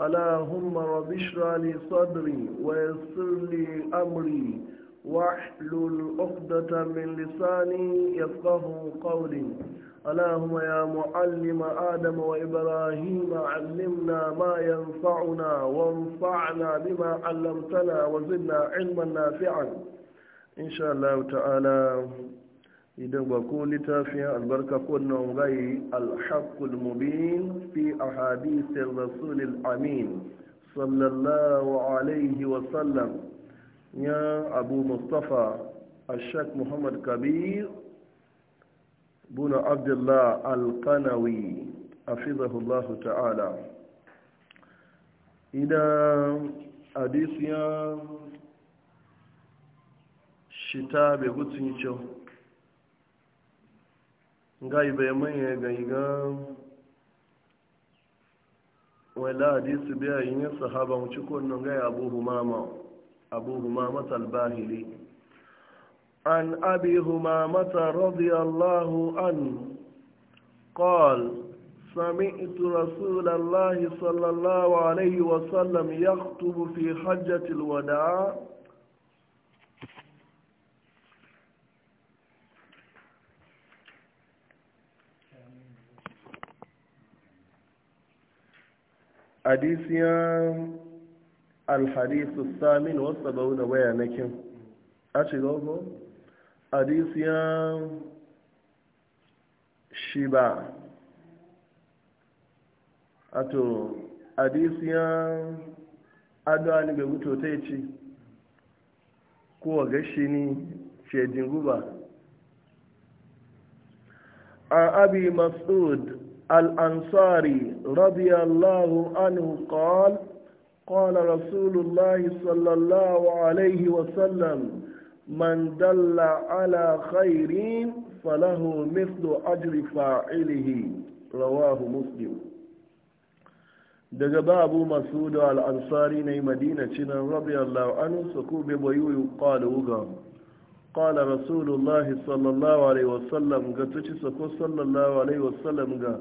اللهم رب اشرح لي صدري ويسر لي امري واحلل عقدة من لساني يفقه قولي اللهم يا معلم آدم وإبراهيم علمنا ما ينفعنا وانفعنا بما علمتنا وزدنا علما نافعا إن شاء الله تعالى idan ba ko littafin albarka kunnan rai alhaƙul mubin fi a hadisar rasulil amin sallallahu alaihi wasallam ya abu mustapha ashak muhammad kabir buna abdullah alkanawi a fizahullahu ta'ala idan hadisiyan shita bai gutsun cewa ngai bai manya gaiga wala hadisi biya yin sahaba mu ciko nan gai abu humama abu humama talbahili an abi humama radiyallahu an قال سمعت رسول الله صلى الله عليه وسلم يخطب في حجة الوداع adisiyan alhadisu samin wasu bau da waya na kin a ci gogo adisiyan shiba ato adisiyan adọ́ ni bai wuto ta ci kowa gashi ni shedin guba an abi masud al-ansari radiyallahu anhu ƙala qala rasulullah sallallahu alayhi wa sallam man ala khairin falahu mithlu ajri fa'ilihi rawahu muslim daga babu masudu al-ansari ne madina cinan radiyallahu anhu suku be boyu qala ugam قال رسول الله صلى الله عليه وسلم قتشي سكو صلى الله عليه وسلم قال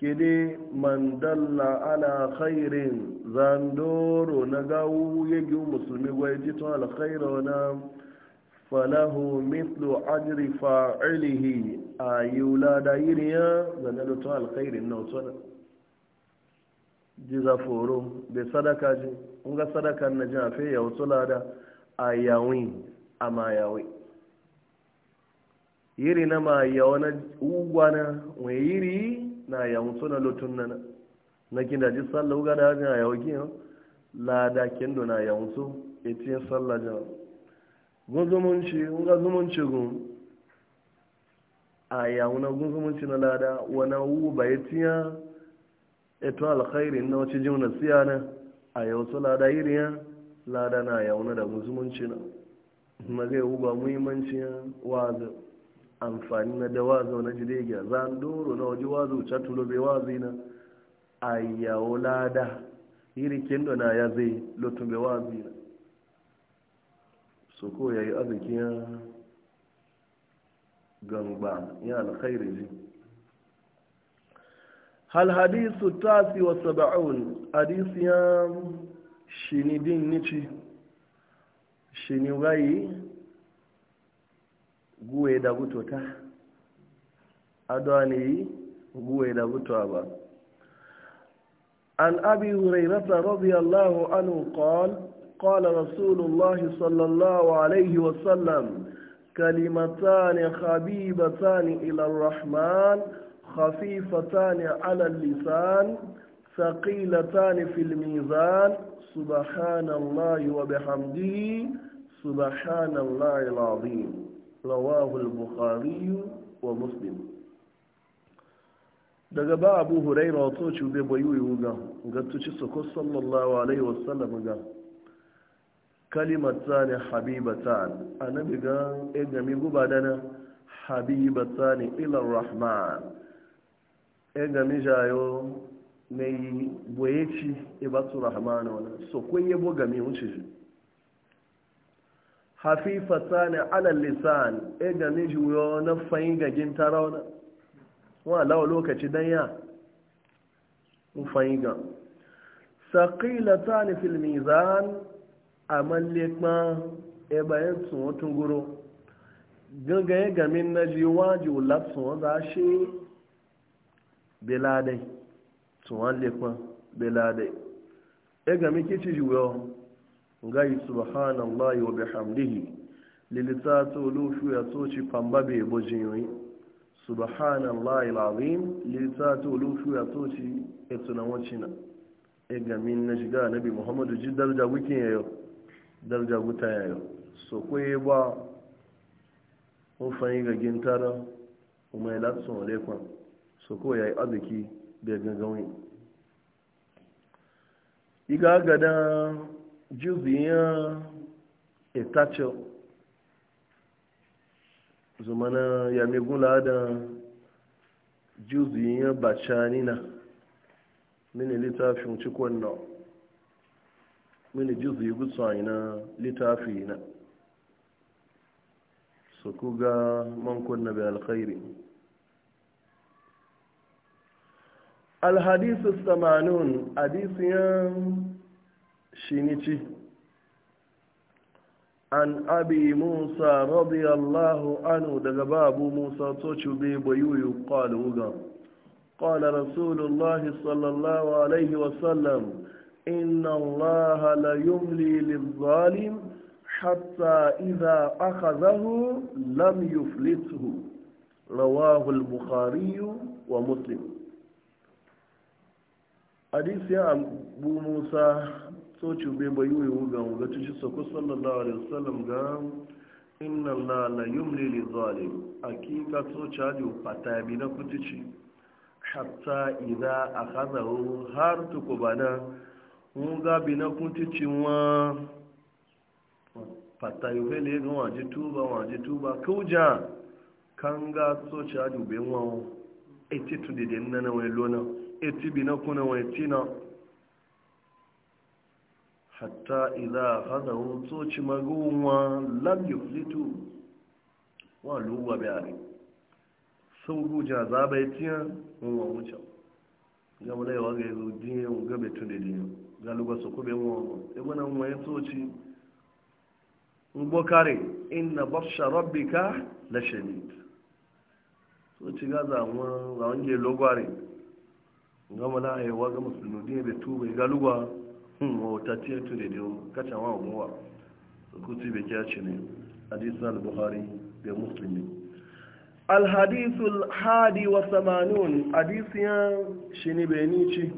kini man dalla ala khairin zandoro na gawo yage musulmi gwai jito alkhaira na falahu mithlu ajri fa'ilihi a yula da yiriya zanda da to alkhairin na wato na jiza foro bai sadaka na ya lada a yawin a mayawe yiri na mayawa na ugwana mai yiri na yawon suna lotun nana na kina ji sallah uga da hajji na yawon kiyan lada kendo na yawon su etiyan tsalla jan gunzumunci nga zumunci gun a yawon na gunzumunci na lada wani ya, etiyan eto alkhairi na wacce jimna siya na a yawon su lada yiri ya lada na yawon da gunzumunci na magai uba muhimmancin wazo amfani na da wazo na jirage zan doro na waje wazo catulo bai wazi na ayyawo lada iri kendo na ya zai lotun bai wazi na so ko ya yi arzikin gamba ya alkhairi ji hal hadisu tasi wa saba'un hadisiyan shinidin nici shi ni gayi guwe da guto ta adwa ne guwe da guto ba an abi hurairata radiyallahu anhu قال رسول الله صلى الله عليه وسلم كلمتان خبيبتان إلى الرحمن خفيفتان على اللسان ثقيلتان في الميزان سبحان الله وبحمده سبحان الله العظيم رواه البخاري ومسلم daga ba abu huraira wato cube bayu yiwu ga gattuci sako sallallahu alaihi wasallam ga kalimata ne habibata annabi ga egami guba da na habibata ne ilar rahman egami jayo ne boye ci ibatu e rahman wani sokon yabo game wuce shi Hafifa sani alal lisan e ga ni juyo na fayin gagin tarauna wa lawa lokaci dan ya mun fayin ga sani fil mizan amalle ma e bayan sun tun guro ganga ya gamin na ji waji ulat sun za shi beladai sun walle ma beladai e ga kici juyo gai subhanallahi wa bihamdihi lilita to lufu ya toci pambabe bojiyoyi subhanallahi alazim lilita to lufu ya toci etuna wacina e gamin na shiga nabi muhammadu ji darja yayo darja guta yayo so kwaye ba ofan ga gintara umar latsun alekwan so ko yayi arziki da gangawin iga gadan juziyan ya zumana gula da juziyan bacanina mini littafin cikon na mini juziyi gutsuwa na littafi na su kuga mankon na bi alkhairi alhadisu 80 hadisiyan shine ci an abi musa radiyallahu anu daga babu musa tsoci bai bayuyu kwallo ga kwallo sallallahu alaihi wasallam inna allaha la yumli lizalim hatta iza aka zahu lam yuflitu rawahu al-bukhariyu wa muslim hadisi ya abu musa soci bai bai yi wuga wuga tuci sako sallallahu alaihi wasallam ga inna la la yumli li zalim akika soci hadi fata bi na kutici hatta idza akhadahu har tukubana wuga bi na kutici wa fata yufe le ga waje tuba waje tuba kuja kan ga soci hadi bai wa eti tudide nana wai lona eti bi na kuna wai tina hatta idha khadahu tsoci magunwa lam yuflitu wa luwa bayani sau guja za bai tiya mun wa wuce ga mun laiwa ga yazo dinya mun ga bai da dinya ga luga su ko be mun e mun mun ya tsoci mun bokare inna barsha rabbika la shadid tsoci ga za mun za wange logware ga mun laiwa ga musulmi dinya betu bai ga luga mawatacce tu da diyo kacin wa guwa kuti bai kya ci ne hadisun al-buhari bai musulmi al hadi wa samanun hadisiyan shi ne bai nici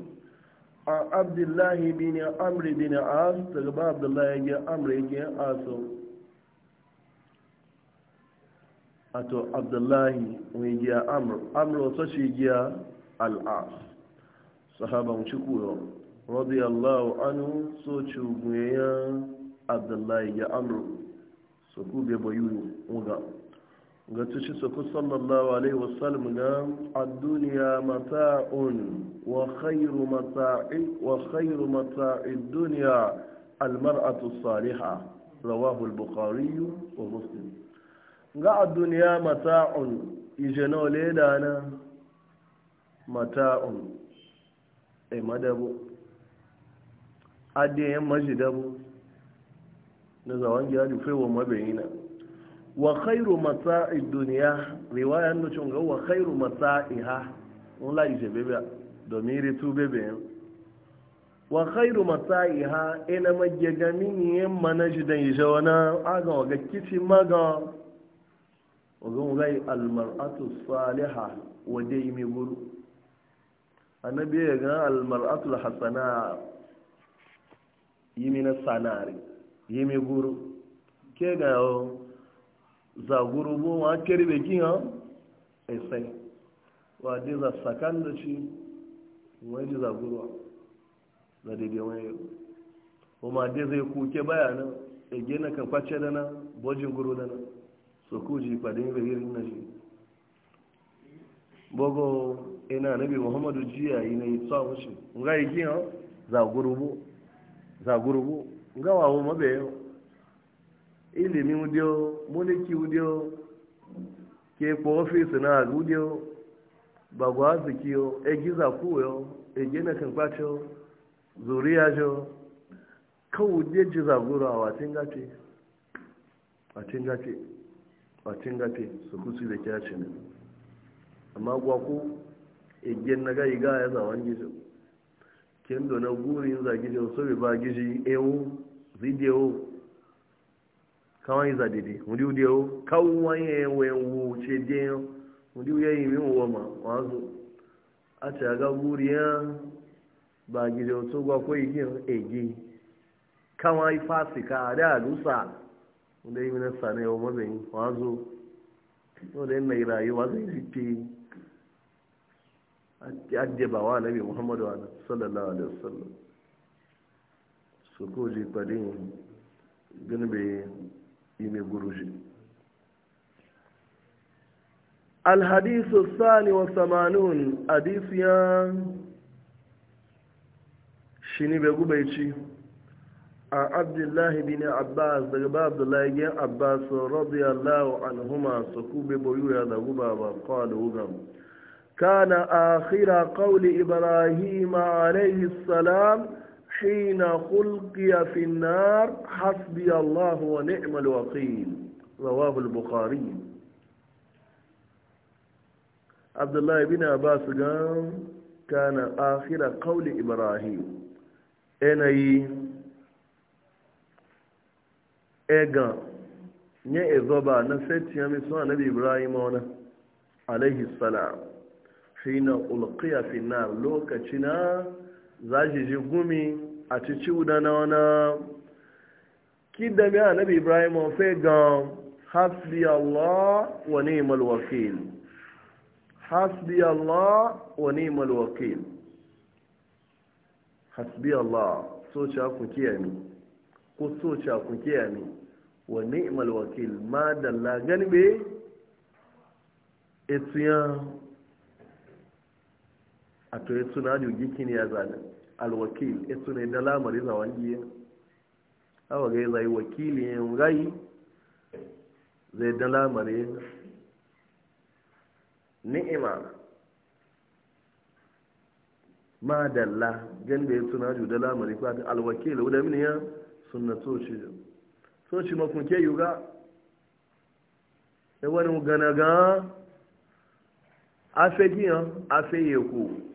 A abdullahi bin amri bin as daga ba abdullahi ya amri ya aso ato abdullahi wani ya amur amur wasu shi ya al'as sahaban shi kuwa radiyallahu anhu so cuguyayya abdullahi ya amur su kube bayu uga ga tushe su sallallahu alaihi wasallam ga ad-duniya mata'un wa khairu mata'i wa khairu mata'i dunya al-mar'atu saliha rawahu al-bukhari wa muslim ga ad-duniya mata'un ijano ledana mata'un e madabu adiyan majidabu na zawon gida da fewa mabayina wa khairu matsa'i duniya riwayar nucin ga wa khairu matsa'i ha wani la'i ce bebe domin ritu bebe wa khairu matsa'i ha ina magyagami ne yin manajidan yi shi wani agan waga kici maga wagan gai almar'atu saliha wadai mai guru annabi ya ga almar'atu Hassana. yimi na sanari yimi guru ke ga o za guru bo wa kere be gi ha ese wa de za sakan da shi wa de za guru da de de wa o ma de zai ku ke baya na e na kan kwace da na bojin guru da na so ku ji padin be na shi bogo ina e nabi muhammadu jiya yi na yi tsawon shi ngai gi ha za guru bo za gurubu gawawo mabeyo ilimi udio muliki udio ke ko ofisi na udio bagwa zikiyo egiza kuyo egena kan kwacho zuriya jo kawu deji za guru watingati watingati watingati su kusi da kyacin amma gwaku egen na ga iga ya zawon gizo kendo na gurin zagije so be bagiji ewu video kawai za dede mudi udio kawai ewe wu cheje mudi uye imi uwoma wazo acha ga gurin bagije so gwa ko igi egi kawai fasika da lusa na sane o mabe wazo mai rayuwa zai adde ba wa nabi muhammadu wa sallallahu alaihi wasallam su ko ji kwadin gani bai yi mai gurushi alhadisu sani wa samanun hadisu ya shi ne bai ci. a abdullahi bin abbas daga ba abdullahi bin abbas radiyallahu anhuma su kube boyu ya da guba ba kawo da wugan كان آخر قول إبراهيم عليه السلام حين خلقي في النار حسبي الله ونعم الوكيل رواه البخاري عبد الله بن عباس قال كان آخر قول إبراهيم أني أجا ني نعم، نسيت يا يمسوا نبي إبراهيم عليه السلام hina ulqiya fi nar lokacina zaji ji gumi a cici uda na wana kidda ya nabi ibrahim on fe gan hasbi allah wa ni'mal wakil hasbi allah wa ni'mal wakil hasbi allah so cha ku kiyani ku so cha ku kiyani wa ni'mal wakil ma dalla ganbe etiyan a to ya suna jugi kini ya zane alwakil ya suna da lamari za wangi yi awa gai zai wakili ya rai zai da lamari ni'ima ma la gan da ya suna ju da lamari ba alwakil wadda mini ya suna so shi so shi makunke yuga ya wani gana ga afegiyan afeyeku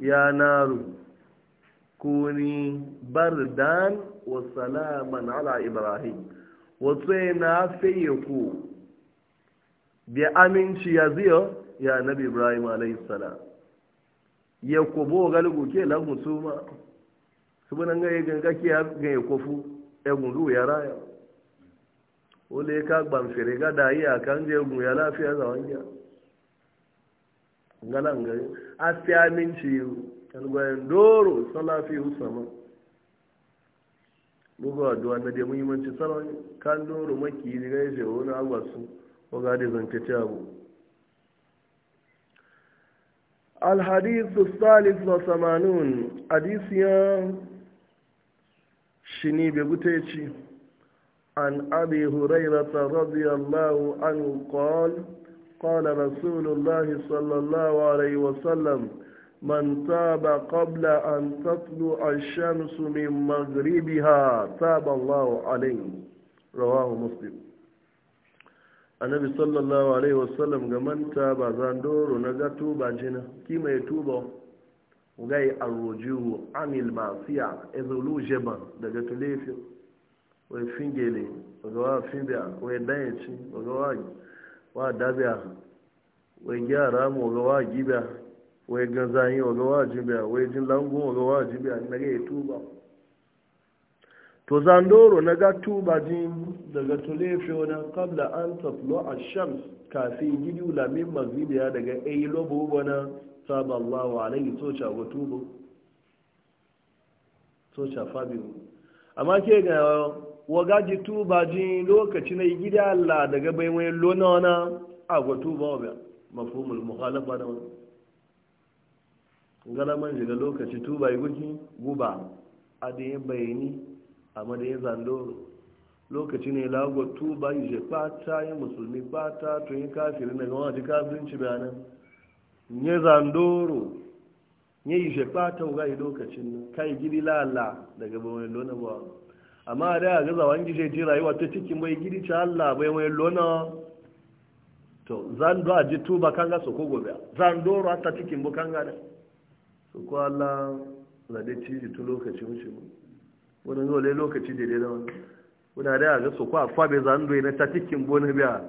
ya naru kuni bardan wa salaman ala ibrahim wato na faye ku bi aminci ya ziyo ya nabi ibrahim alayhi salam ya kubo galgu ke lan musuma subunan ga ganga ke ga kofu e gundu ya raya ole ka ban fere ga da iya kan je gun ya lafiya zawanya ganan gari a fi aminci yi ƙalgwayen doro salafi usama buga wadda da dai muhimmanci salon kan doro maki ne gai ce wani agwasu waga da zance ce abu alhadisu salis wa samanun hadisiyan shi ne bebuteci an abi hurairata radiyallahu an kawal قال رسول الله صلى الله عليه وسلم من تاب قبل أن تطلع الشمس من مغربها تاب الله عليه رواه مسلم annabi sallallahu alaihi wasallam ga manta ba zandoro na ga tuba jina ki mai tuba gai arrojiwu amil a ezulu jeba daga tulefi wai fingele wai finbiya wai danyaci wai wa dabiya wai gyara mu ga wa gibiya wai ganzanyi wa ga wa jibiya wai jin lango wa ga wa jibiya na ga tuba to zandoro na ga tuba jin daga tulefe wani kabla an taflo a shams kafin gidi ulamin mazibiya daga ayi lobo wani saballahu alaihi tocha wa tubo tocha fabiru amma ke ga waga ji tuba ji lokaci na gida Allah daga bai wani lona wana a ga tuba wa mafhumul mukhalafa da wani ngala man jiga lokaci tuba yi guki guba a da ya bayani amma da ya zandoro lokaci ne lago tuba yi je fata yi musulmi fata tun yi kafiri na gama ji kafirinci bayanan ya zandoro ya yi ta ga yi lokacin kai gidi lala daga bayan lona ba amma da ya gaza wani gishe ji rayuwa ta cikin bai gidi ci Allah bai wani lona to zan do a ji tuba kan ga soko gobe zan do ta cikin bu kan ga da su ko Allah zade ci ji tu lokacin wuce mu wani zo le lokaci da dai da wani wani da ya ga soko a fabe zan do na ta cikin bu na biya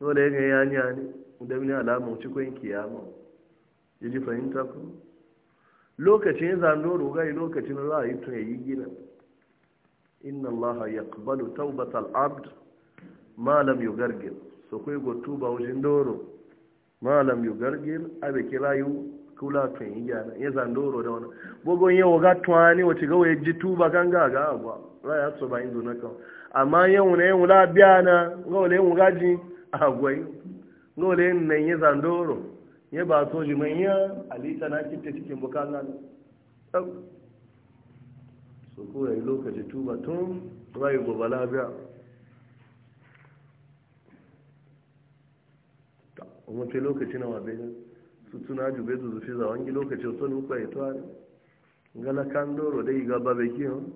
dole ya ga yanya ne da mini alama wuce ko yin kiyama yaji fahimta ko lokacin ya zandoro gai lokacin yi to yayi gina inna allaha ya kubalu taubat al'abd malam lam yugargil so kai go tuba wajen doro malam lam yugargil abe kirayu kula to yi gina ya zandoro da wani, gbogbon yau ga tuwani wace ga ya ji tuba ganga ga agwa ra'ayi so ba na kawo amma yau ne yau la na gawa da yau gaji agwai ga wale nan ya zandoro ya ba so liman ya alita na kitta cikin bukala ne so ko yi lokaci tuba tun rayu babala biya kuma sai lokaci na wabe ne su tuna jube su zufi za wangi lokaci su ne kwa ito ne gala kan doro dai ga babe kiyon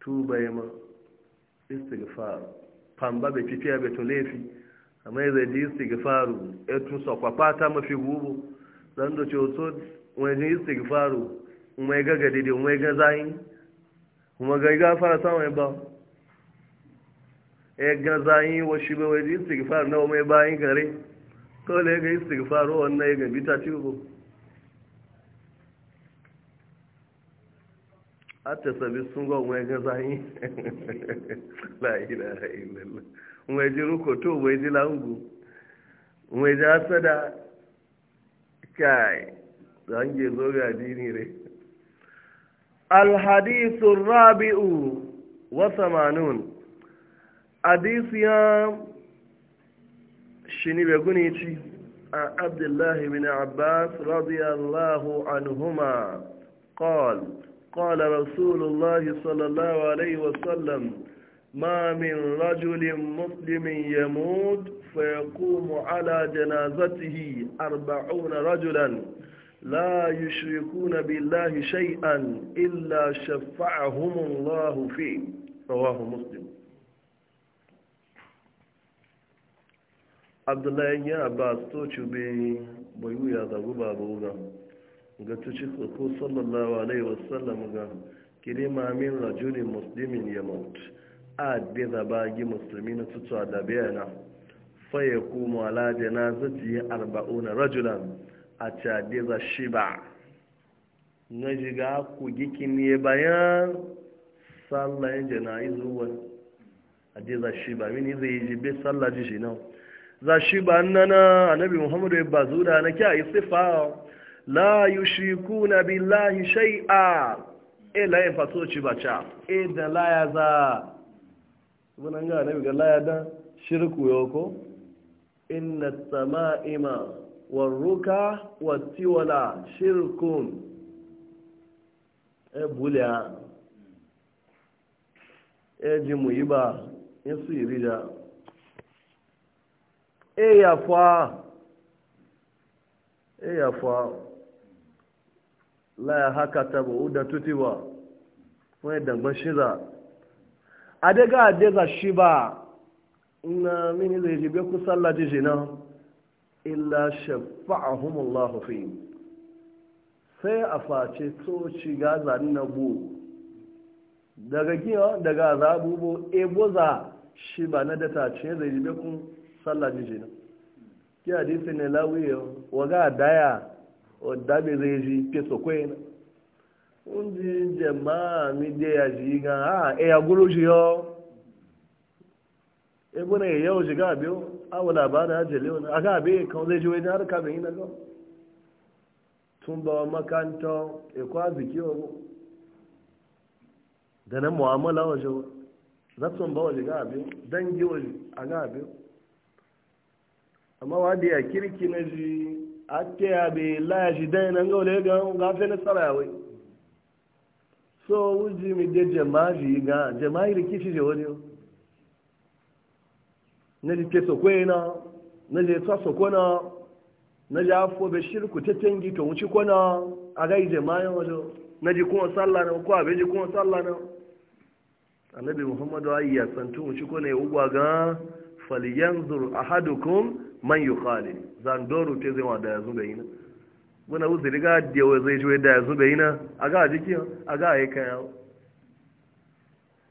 tuba ya ma istighfar pamba be fifiya be to lefi amma zai ji istighfaru ya tun sakwapa ta mafi gubu zan da cewa wani ji istighfaru mai gaga gadi mai ga zayin kuma ga gafara samun ba ya ga zayin wa shi ba wai ji istighfaru na mai bayin gare kawai ga istighfaru wannan ya gabi ta cibo hatta sabi sun ga mai ga zayin la ilaha mai ji rukoto wai ji langu mai ji asada kai zange zo ga dini re alhadisu rabi'u wa samanun hadisiya ya beguni ci عن عبد الله بن عباس رضي الله عنهما قال قال رسول الله صلى الله عليه ما من رجل مسلم يموت فيقوم على جنازته أربعون رجلا لا يشركون بالله شيئا إلا شفعهم الله فيه رواه مسلم عبد الله بن عباس توچو بي بيو يا ذو بابو ga tuci ko sallallahu alaihi wasallam ga kirima min rajulin muslimin ya mutu adde zabagi musulmi na tutuwa da bayana faye kuma ala janazati na rajulan a cade za shi ba na jiga ku gikin ne bayan sallayen jana'izu wani A za shi ba mini zai ji be sallah ji shi nan za shi ba nana annabi muhammadu ya bazu da na kya sifa la yushrikuna billahi Shai'a. ila e in fasoci bacha idan e la ya za sunan ga annabi ga dan shirku ko inna sama'ima warruka tiwala shirkun e bulya e ji mu yi ba in e su yi rida e ya fa e ya fa la ya haka taba da tutiwa wani dangban adega adeza shi ba na mini zai jibe ku sallaji jina illa shafa'ahum Allah fi sai a face to ci gaza na bu daga kiyo daga zabu eboza shi ba na data ce zai jibe ku sallaji jina ki hadisi ne lawiyo waga daya wadda bai zai ji peso kwena ndị njem a mide ya ji ga ha eya gwuru ji ya ebe na eya oji ga abịa awụ na ajiyar leon a ga abịa kan zai e ji wani har ka bai yi na ga tun ba makanta ekwa biki ogo da na mu'amala waje zatsun ba waje ga abin dangi waje a ga abin amma wadda ya kirki na ji a ta yabe la ya shi dan nan ga wale ga gafe na ya wee. so wuji mi de jamaji ga jama'i rikici je wani na ji ke sokwe na na je tsa soko na na ji afo be shirku ta tangi to wuci kona a ga jama'i wajo na ji kuma sallah na ko abe ji kuma sallah na annabi muhammadu ayi ya santu wuci kona ya ugwa ga falyanzur ahadukum man yukhalil zandoro te zai wa da yanzu bayina muna uzuri ga dewa zai ji da yanzu bai na a ga jiki a ga yi kan yawo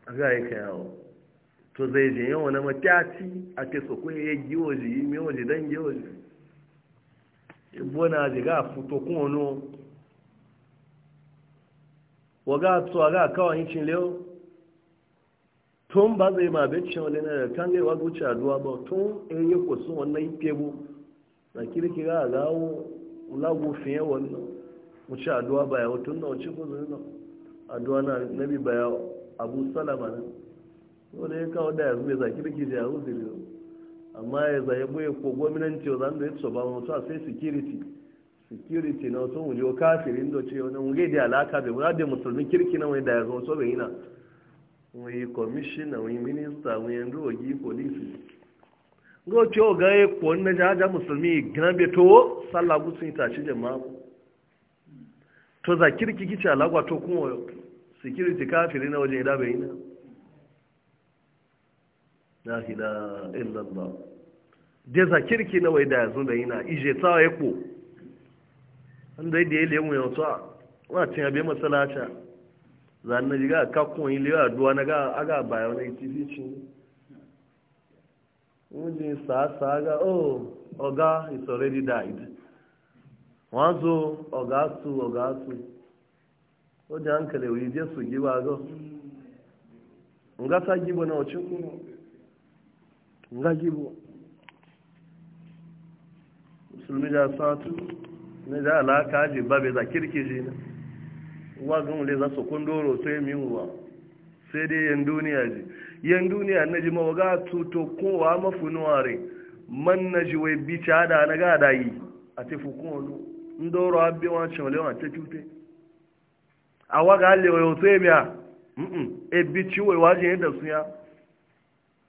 a ga yi kan yawo to zai ji yawa na matyaci a ke so kuma ya gi waje yi mai waje don gi waje ibona ji ga fito kuma no wa ga to a ga kawai yin cin lewo tun ba zai ma bai cin wani na da kan gaiwa guce a duwa ba tun e in yi kusun wannan yi na kirkira a gawo lagu fiye wannan wuce aduwa baya hutun na wuce ko zuri aduwa na nabi baya abu salama ne wanda ya kawo da yanzu mai zaki riki da yawon zuri amma ya zaye bai ko gwamnati wa zan da ya tsoba mu a sai security security na wasu wuje wa kafirin da ce wani wunge da alaka bai wuna da musulmi kirki na wani da ya zo so bai yi na wani commissioner wani minister wani yanzu wagi polisi ngo cho ga e ko na jaja musulmi grambe to sallah gusun ta shi jama'a to za kirki kici alagwa to kuma security kafiri na waje da bayina la ilaha illallah de za kirki na wai da ya yanzu da na ije tsawa ya ko an da da ya lemu ya tsawa wa tin abe masalacha zan na jiga kakkon yi lewa duwa na ga aga bayan ne tifi cin sa-asa aga ó oh, oga is already died wọ́n á zo ọ̀gá tu ọ̀gá tu ó jẹ́ àǹkẹ̀lẹ̀ òyì jésù gíwá gọ́ ngásá gíbo náà ọ̀chúkú ngá gíbo mùsùlùmí jà sáàtú níjà àlàáká jì bábẹ̀ zà kírkìjì ní wá ji yan duniya na ji wa ga tuto kowa mafunuware man na ji wai bi cada na ga da yi a tafi kowane ndoro abin wancan walewa ta cute a waga halewa yau to emiya e, e bici wai wajen yadda e su ya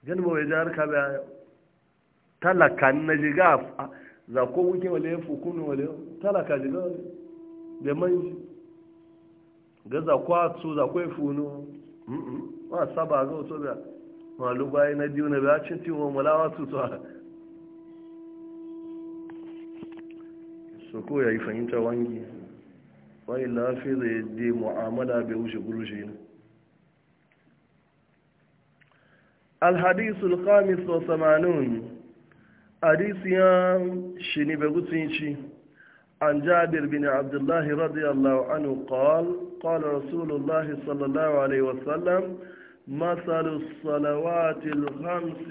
gani ba wai jihar kabe a yau talaka na ji ga za ko wuke wale fukunu wale talaka ji ga wale da manji ga za kwa su za ya e funu wa saba ga wato da malu bayi na biyu na biya cin tiwo malawa su tsawa so ko ya yi fahimta wangi wani lafi da ya je mu'amala bai wuce gurushe ne alhadisul khamis wa samanun hadisiyan shi ne bai gutsin ci عن جابر بن عبد الله رضي الله عنه قال قال رسول الله صلى الله عليه وسلم مثل الصلوات الخمس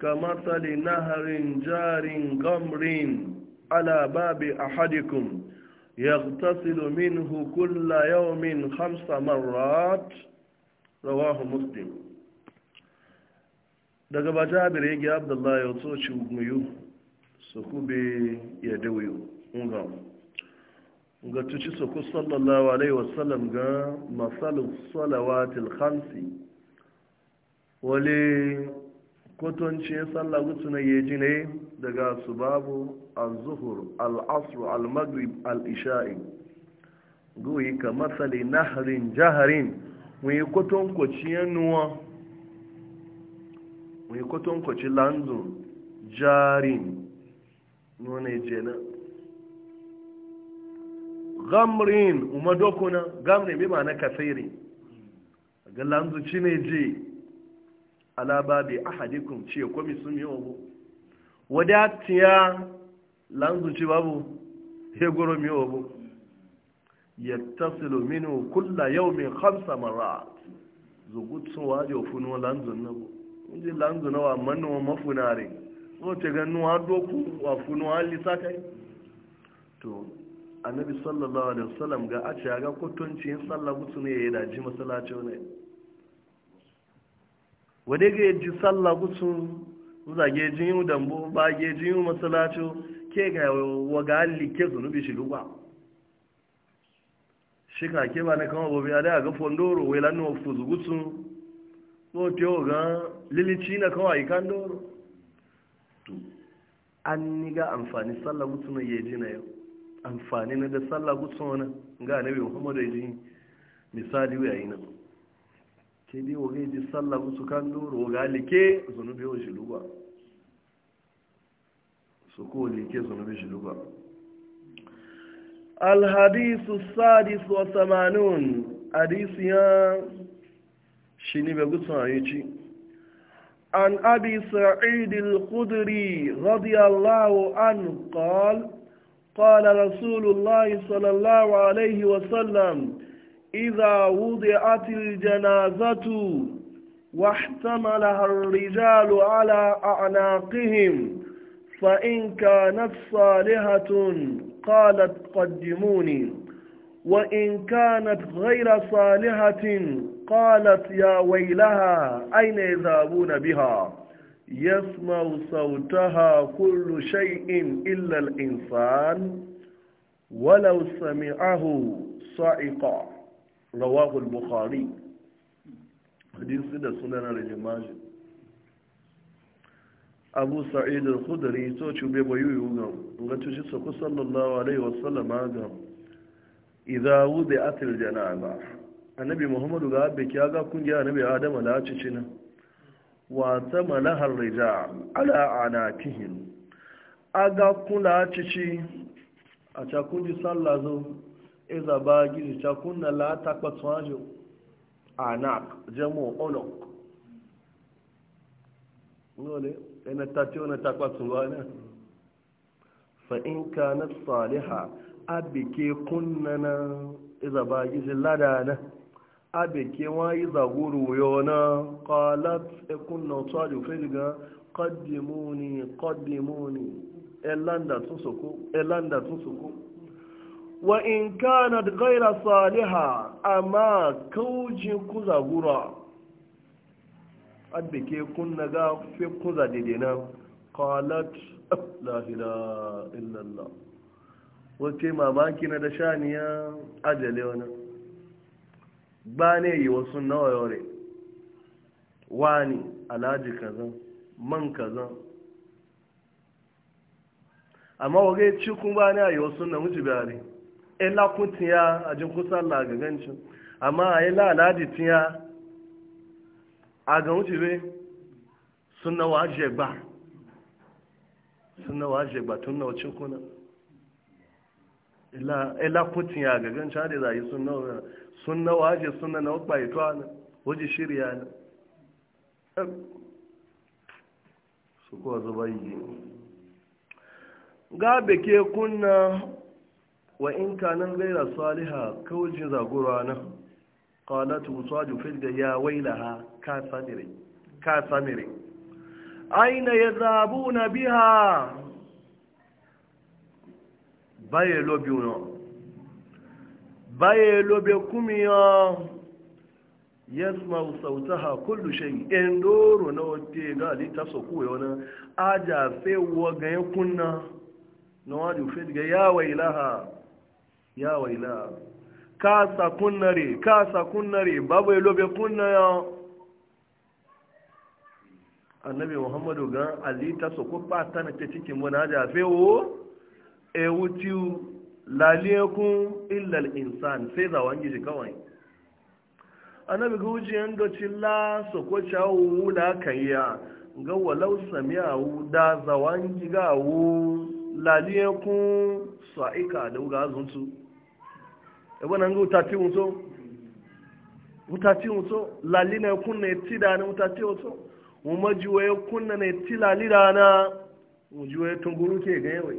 كمثل نهر جار قمر على باب أحدكم يغتسل منه كل يوم خمس مرات رواه مسلم دقب جابر يجي عبد الله abdullahi ya سكوبي ci nga ga tuci su ku sallallahu alaihi wasallam ga masalin salawatil khamsi wale kwatanci ya sallah gutsu na yeji ne daga su babu al-zuhur al asr al-maghrib al-isha'i goyi ka masali nahrin jaharin wani kwatankwaci yanuwa wani kwatankwaci lanzo jarin nuna jena gamrin umadokuna gamrin bi ma'ana kasiri ga lanzuci ne je alaba bi ahadikum ce komi sun yi ogo wadatiya lanzuci babu hegoro mi ogo yattasilu minu kulla yawmin khamsa marat zugutsu waje funo lanzun na bu inji lanzun na wa manno mafunare ko te gannu wa doku wa funo hali sakai to annabi sallallahu alaihi wasallam ga a ciya ga kutuncin sallah gutsu ne ya yi daji masalacin ne wadda ga ji sallah gutsu za ge jin yi dambo ba ge jin yi masalacin ke ga waga halli ke zunubi shi lugwa shi ka ke ba na kama bobe a da ga fondoro wai lannu fuzu gutsu ko te ga lilici na kawai yi Kandoro? an ni ga amfani sallah gutsu ne ya ji na yau amfani na da sallah gutsun wani ga annabi muhammadu yaji misali wa yayi nan ke dai wa ji sallah gutsu kan duro ga like zunubi wa shi lugwa su ko like zunubi shi lugwa alhadisu sadis wa samanun hadisi ya shi ne bai gutsun a yi An عن أبي سعيد الخدري رضي الله عنه قال قال رسول الله صلى الله عليه وسلم إذا وضعت الجنازة واحتملها الرجال على أعناقهم فإن كانت صالحة قالت قدموني وإن كانت غير صالحة قالت يا ويلها أين يذهبون بها yasmau sautaha kullu shay'in illa al-insan walau sami'ahu sa'iqa rawahu al-bukhari hadith da sunan al-jamaji abu sa'id al-khudri to chube boyu yuga ga tuji sako sallallahu alaihi wasallam ga idza wudi'at al-janaba annabi muhammadu ga abbe kiyaga kungiya annabi adam ala cicina wa wata malahar rija ala ana anakihim aga kula cici a cakunji sallah zo iza ba gidi cakunna la takpatsu ajo anak jamo onok nole ina tatiyo na ta takpatsu fa in ka na tsaliha abike kunna kunnana iza ba gidi ladana abe ke wayi zaguru yana qalat ekun na tsari filiga qaddimuni qaddimuni elanda tun soko elanda tun soko wa in da ghayra saliha amma kaujin ku zagura abe ke kun ga fi kuza dedena qalat la ilaha illallah wace mamaki na da shaniya ajale wannan ba ne yi wasu nawa yore wani alhaji kazan man kazan amma wage cikin ba ne a yi wasu na wuce biyari ila e kutiya a jin kusa lagagancin amma a yi la alhaji tiya a ga wuce be sun na waje ba sun na waje ba tun na wacin kuna ila kutin ya gagan can da yi sun wa sunna wa je sunna na ba tuwa na waje shirya na su kuwa zuba yi ga beke kunna wa in kanan gaira saliha kaujin zagura na qalat musaju fil da ya ha ka samire ka samire zabu na biha baye lobi wọn baye lobi kumi yan yasuma sauta ha kullu shayi endoro na wote ga ali ta so ku yona aja fe wo ga yakunna no wadi fe ga ya wa ilaha ya wa ilaha ka sa kunnari ka sa kunnari babu lobe kunna ya annabi muhammadu ga ali ta so ku pa ta na ta cikin wani na aja fe wo ewuciu lalekun illal insan sai zawon gishi kawai annabi ga wujiyan docin la aka yi a ga walau samiyawu da zawon gigawu lalekun sa'ika da wuga azuntu ebe na nga utati wuto utati wuto lali na ekun na eti dana utati wuto umajiwa ekun na eti lali dana ujiwa e tunguru ke ga yawai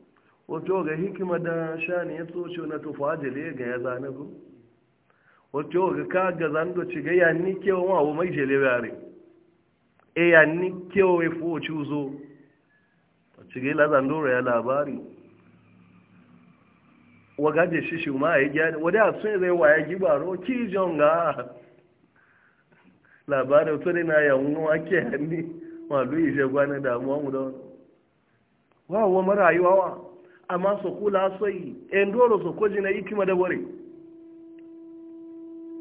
wato ga hikima da shani ya tsoce na tufa jele ga ya zane ku wato ga ka ga zando ci ga yanni kewa ma abu mai jele re e yanni kewa ya fi ci zo ci ga la zando ya labari waga je shi shi ma ya gya wada sun zai waya gibaro ki jonga labarin to ne na yawon ake hannu ma lu ije gwana damuwa mu da wani wa wa marayuwa wa amma so kula sai endoro so koji na hikima da bore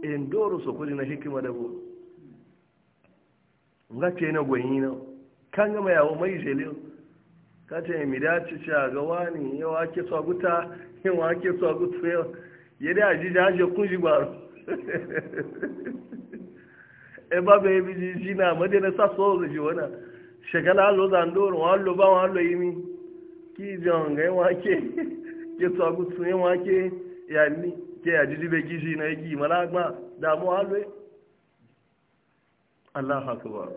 endoro so koji na hikima da bore nga ce na gwanyi na kan gama yawo mai jele ka ce mi da ci ci a ga wani yau ake so guta yau ake so guta yau ya da ji da je kun ji ba e ba be bi ji na madina sa so ji wana shagala lo zandoro wallo ba wallo yimi ki jan ga wake ke to wake ya ni ke ya gishi na yi malagba da mu halwe Allah akbar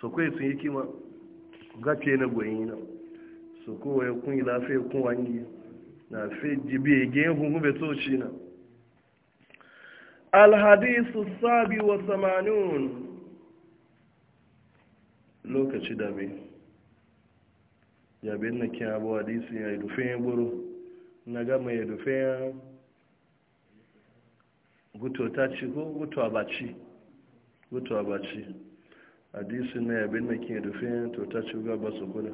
so yi kima ga na na so ko ya kun yi na fe jibi ge hungu be to shi na الحديث السابع والثمانون لوكا ya bin na kin abu hadisi ya dufe ya buru na gama ya dufe ya guto ta ci ko guto abaci guto abaci hadisi na ya bin na kin ya dufe ya to ta ci ga basu kuna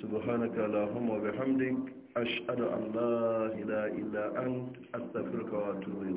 subhanaka allahumma wa bihamdik ashhadu an la ilaha illa ant astaghfiruka wa atubu